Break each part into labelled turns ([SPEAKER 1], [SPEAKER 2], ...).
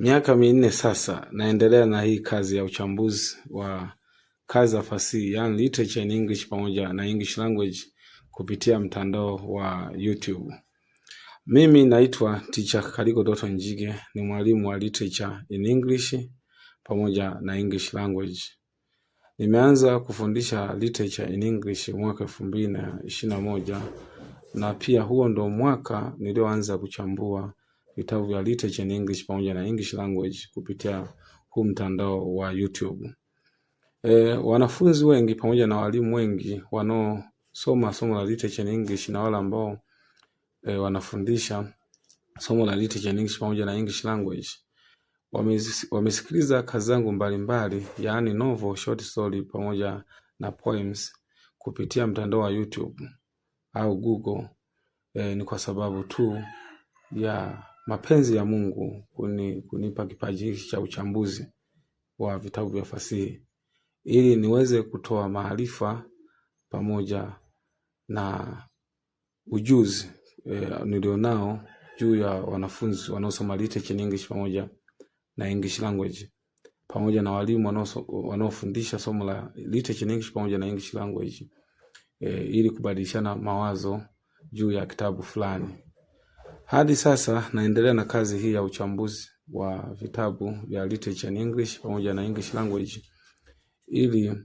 [SPEAKER 1] Miaka minne sasa naendelea na hii kazi ya uchambuzi wa kazi za fasihi, yani literature in English pamoja na English language kupitia mtandao wa YouTube. Mimi naitwa Teacher kaliko Doto Njige, ni mwalimu wa literature in English pamoja na English language. Nimeanza kufundisha literature in English mwaka elfu mbili na ishirini na moja na pia huo ndo mwaka nilioanza kuchambua vitabu vya literature in English pamoja na English language kupitia huu mtandao wa YouTube. E, wanafunzi wengi pamoja na walimu wengi wanaosoma somo la literature in English na wale ambao e, wanafundisha somo la literature in English pamoja na English language wamesikiliza kazi zangu mbalimbali, yaani novel, short story pamoja na poems kupitia mtandao wa YouTube au Google. E, ni kwa sababu tu ya mapenzi ya Mungu kuni, kunipa kipaji hiki cha uchambuzi wa vitabu vya fasihi ili niweze kutoa maarifa pamoja na ujuzi e, nilionao juu ya wanafunzi wanaosoma literature in English pamoja na English language pamoja na walimu wanaofundisha somo la literature in English pamoja na English language e, ili kubadilishana mawazo juu ya kitabu fulani. Hadi sasa naendelea na kazi hii ya uchambuzi wa vitabu vya literature in English pamoja na English language ili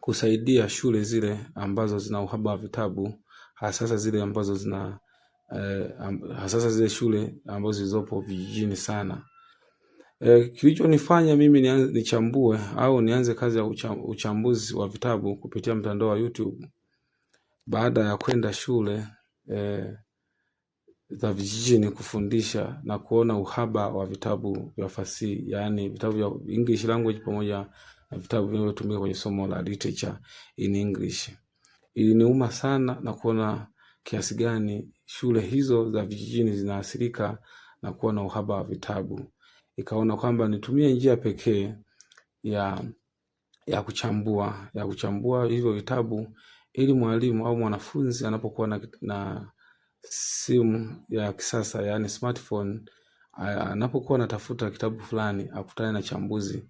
[SPEAKER 1] kusaidia shule zile ambazo zina uhaba wa vitabu hasasa zile ambazo zina eh, hasa zile shule ambazo zilizopo vijijini sana. Eh, kilichonifanya mimi nichambue au nianze kazi ya uchambuzi wa vitabu kupitia mtandao wa YouTube baada ya kwenda shule eh, za vijijini kufundisha na kuona uhaba wa vitabu vya fasihi, yaani vitabu vya English language pamoja na vitabu vinavyotumika kwenye somo la literature in English. Iliniuma sana na kuona kiasi gani shule hizo za vijijini zinaathirika na kuwa na uhaba wa vitabu. ikaona kwamba nitumie njia pekee ya ya kuchambua ya kuchambua hivyo vitabu ili mwalimu au mwanafunzi anapokuwa na, na simu ya kisasa yani smartphone anapokuwa anatafuta kitabu fulani akutane na chambuzi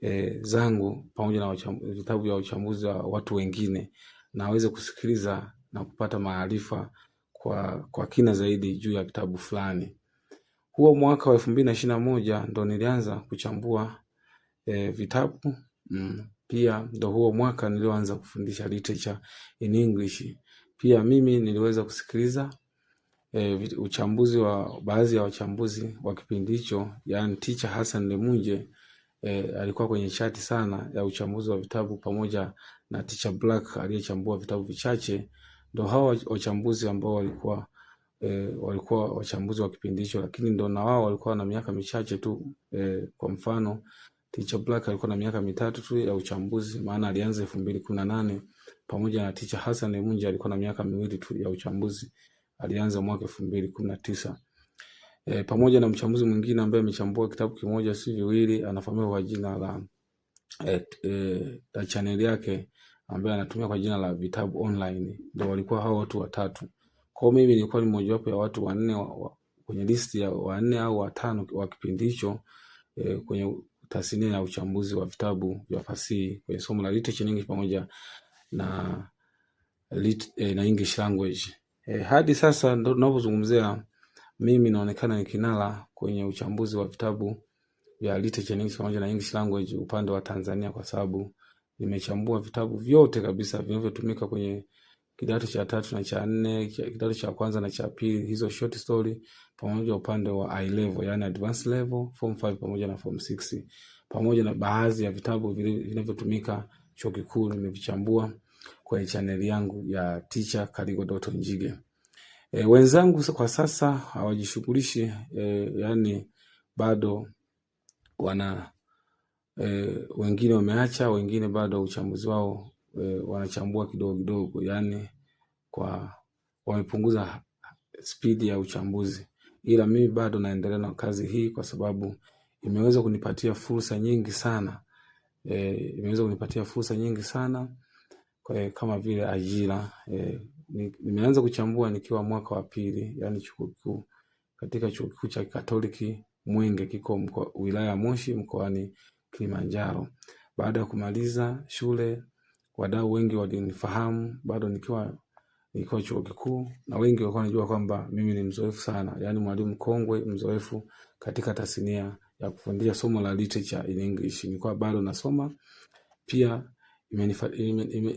[SPEAKER 1] e, zangu pamoja na vitabu vya uchambuzi wa watu wengine na aweze kusikiliza na kupata maarifa kwa, kwa kina zaidi juu ya kitabu fulani. Huo mwaka wa elfu mbili na ishirini na moja ndo nilianza kuchambua e, vitabu mm. Pia ndo huo mwaka nilioanza kufundisha literature in English. Pia mimi niliweza kusikiliza e, uchambuzi wa baadhi ya wachambuzi wa kipindi hicho, yani Teacher Hassan Lemunje e, alikuwa kwenye chati sana ya uchambuzi wa vitabu pamoja na Teacher Black aliyechambua vitabu vichache. Ndo hawa wachambuzi ambao walikuwa e, walikuwa wachambuzi wa kipindi hicho, lakini ndo na wao walikuwa na miaka michache tu e, kwa mfano Teacher Black alikuwa na miaka mitatu tu ya uchambuzi, maana alianza elfu mbili kumi na nane pamoja na Teacher Hassan Lemunje alikuwa na miaka miwili tu ya uchambuzi alianza mwaka elfu mbili kumi na tisa e, pamoja na mchambuzi mwingine ambaye amechambua kitabu kimoja si viwili, anafahamika kwa jina la e, e, la chaneli yake ambaye anatumia kwa jina la Vitabu Online. Ndio walikuwa hao watu watatu. Kwa mimi nilikuwa ni mojawapo ya watu wanne wa, wa, kwenye listi ya wanne au watano wa kipindi hicho e, kwenye tasnia ya uchambuzi wa vitabu vya fasihi kwenye somo la literature nyingi pamoja na, lit, e, na English language. E, hadi sasa ndo tunapozungumzia mimi naonekana ni kinara kwenye uchambuzi wa vitabu vya literature in English pamoja na English language upande wa Tanzania kwa sababu nimechambua vitabu vyote kabisa vinavyotumika kwenye kidato cha tatu na cha nne, kidato cha kwanza na cha pili, hizo short story pamoja upande wa I level, yani advanced level, form 5 pamoja na form 6 pamoja na baadhi ya vitabu vinavyotumika chuo kikuu nimevichambua kwenye chaneli yangu ya Teacher Kaligo Doto Njige. E, wenzangu kwa sasa hawajishughulishi e, yani bado wana e, wengine wameacha, wengine bado uchambuzi wao e, wanachambua kidogo kidogo, yani kwa wamepunguza spidi ya uchambuzi, ila mimi bado naendelea na kazi hii kwa sababu imeweza kunipatia fursa nyingi sana e, imeweza kunipatia fursa nyingi sana kwa eh, kama vile ajira e, nimeanza kuchambua nikiwa mwaka wa pili, yani chuo kikuu katika chuo kikuu cha Katoliki Mwenge kiko mko, wilaya ya Moshi mkoani Kilimanjaro. Baada ya kumaliza shule, wadau wengi walinifahamu bado nikiwa nikiwa chuo kikuu, na wengi walikuwa wanajua kwamba mimi ni mzoefu sana, yani mwalimu kongwe mzoefu katika tasnia ya kufundisha somo la literature in English. Nilikuwa bado nasoma pia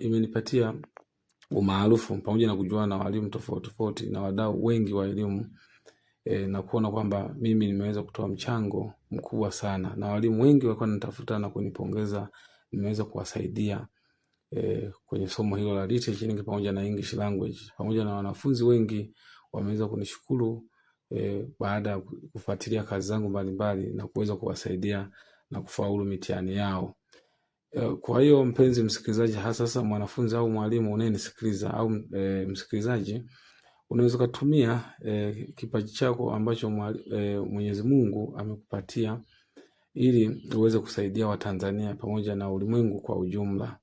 [SPEAKER 1] imenipatia umaarufu pamoja na kujua na walimu tofauti tofauti na wadau wengi wa elimu e, na kuona kwamba mimi nimeweza kutoa mchango mkubwa sana, na walimu wengi walikuwa wanatafuta na kunipongeza nimeweza kuwasaidia e, kwenye somo hilo la literature pamoja na English language, pamoja na wanafunzi wengi wameweza kunishukuru e, baada ya kufuatilia kazi zangu mbalimbali na kuweza kuwasaidia na kufaulu mitihani yao. Eh, kwa hiyo mpenzi msikilizaji, hasa sasa mwanafunzi au mwalimu unayenisikiliza au e, msikilizaji, unaweza ukatumia e, kipaji chako ambacho e, Mwenyezi Mungu amekupatia ili uweze kusaidia Watanzania pamoja na ulimwengu kwa ujumla.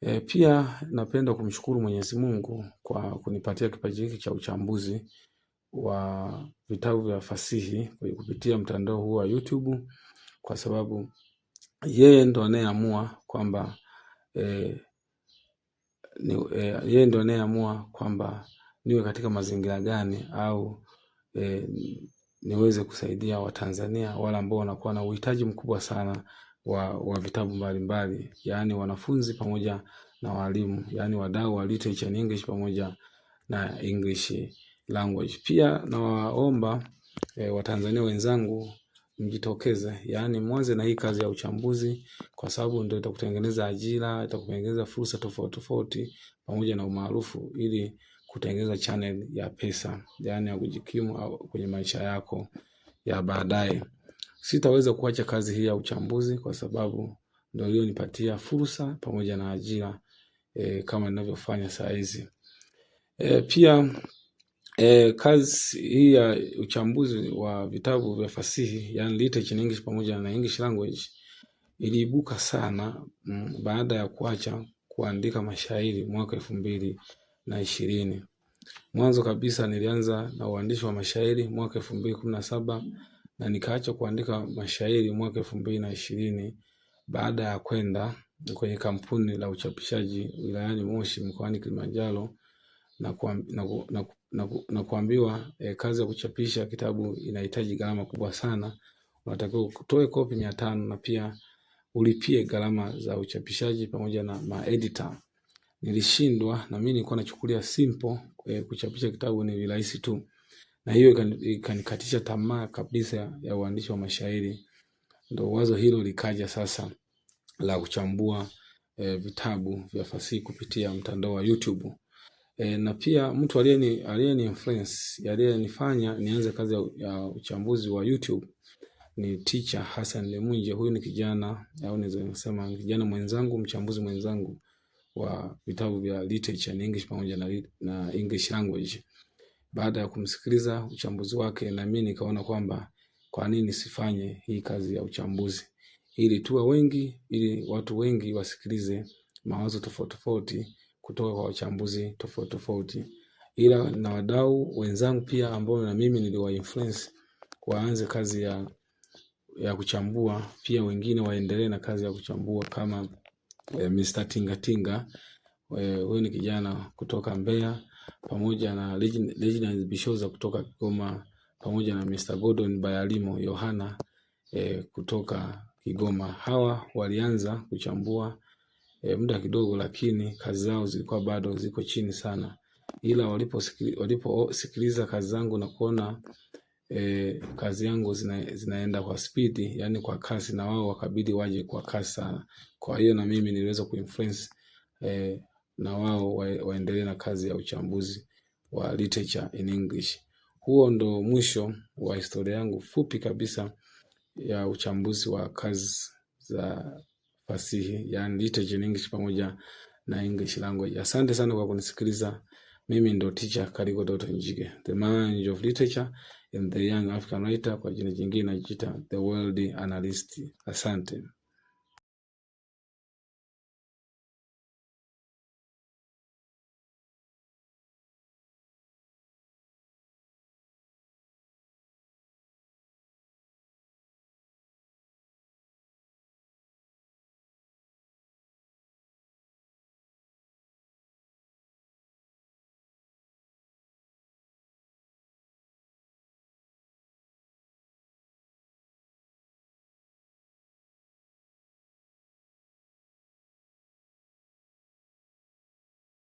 [SPEAKER 1] E, pia napenda kumshukuru Mwenyezi Mungu kwa kunipatia kipaji hiki cha uchambuzi wa vitabu vya fasihi kupitia mtandao huu wa YouTube kwa sababu yeye ndo anayeamua kwamba eh, ni, eh, yeye ndo anayeamua kwamba niwe katika mazingira gani au eh, niweze kusaidia Watanzania wale ambao wanakuwa na uhitaji mkubwa sana wa, wa vitabu mbalimbali, yaani wanafunzi pamoja na walimu, yaani wadau wa literature in English pamoja na English language. Pia nawaomba eh, Watanzania wenzangu mjitokeze, yaani mwanze na hii kazi ya uchambuzi, kwa sababu ndio itakutengeneza ajira, itakutengeneza fursa tofauti tofauti, pamoja na umaarufu, ili kutengeneza channel ya pesa, yaani ya kujikimu kwenye maisha yako ya baadaye. Sitaweza kuacha kazi hii ya uchambuzi kwa sababu ndio iliyonipatia fursa pamoja na ajira e, kama ninavyofanya saa hizi e, pia E, kazi hii ya uchambuzi wa vitabu vya fasihi yani literature in English pamoja na English language iliibuka sana m, mm, baada ya kuacha kuandika mashairi mwaka elfu mbili na ishirini. Mwanzo kabisa nilianza na uandishi wa mashairi mwaka elfu mbili kumi na saba na nikaacha kuandika mashairi mwaka elfu mbili na ishirini baada ya kwenda kwenye kampuni la uchapishaji wilayani Moshi mkoani Kilimanjaro na, ku, na, ku, na ku, na, na kuambiwa e, kazi ya kuchapisha kitabu inahitaji gharama kubwa sana, unatakiwa utoe kopi mia tano na pia ulipie gharama za uchapishaji pamoja na maeditor. Nilishindwa na mimi nilikuwa nachukulia simple e, kuchapisha kitabu ni virahisi tu, na hiyo ikanikatisha tamaa kabisa ya uandishi wa mashairi. Ndo wazo hilo likaja sasa la kuchambua e, vitabu vya fasihi kupitia mtandao wa YouTube. E, na pia mtu aliyeni aliyeni influence aliyenifanya nianze kazi ya uchambuzi wa YouTube ni teacher Hassan Lemunje. Huyu ni kijana au naweza kusema kijana mwenzangu, mchambuzi mwenzangu wa vitabu vya literature na English pamoja na, na English language. Baada ya kumsikiliza uchambuzi wake, na mimi nikaona kwamba kwa nini sifanye hii kazi ya uchambuzi ili tuwe wengi, ili watu wengi wasikilize mawazo tofauti tofauti kutoka kwa wachambuzi tofauti tofauti, ila na wadau wenzangu pia ambao na mimi niliwa influence waanze kazi ya, ya kuchambua pia, wengine waendelee na kazi ya kuchambua kama eh, Mr. Tingatinga eh, huyu ni kijana kutoka Mbeya pamoja na Legend Bishoza kutoka Kigoma pamoja na Mr. Gordon Bayalimo Yohana eh, kutoka Kigoma. Hawa walianza kuchambua e, muda kidogo, lakini kazi zao zilikuwa bado ziko chini sana, ila waliposikiliza walipo kazi zangu na kuona e, kazi yangu zina, zinaenda kwa spidi, yani kwa kasi, na wao wakabidi waje kwa kasi sana. Kwa hiyo na mimi niliweza kuinfluence e, na wao wa, waendelee na kazi ya uchambuzi wa literature in English. Huo ndo mwisho wa historia yangu fupi kabisa ya uchambuzi wa kazi za fasihi, yani literature in English pamoja na English language. Asante sana kwa kunisikiliza. Mimi ndo teacher Kaligo Doto Njige, the man of literature and the young African writer, kwa jina jingine najiita the world analyst. Asante.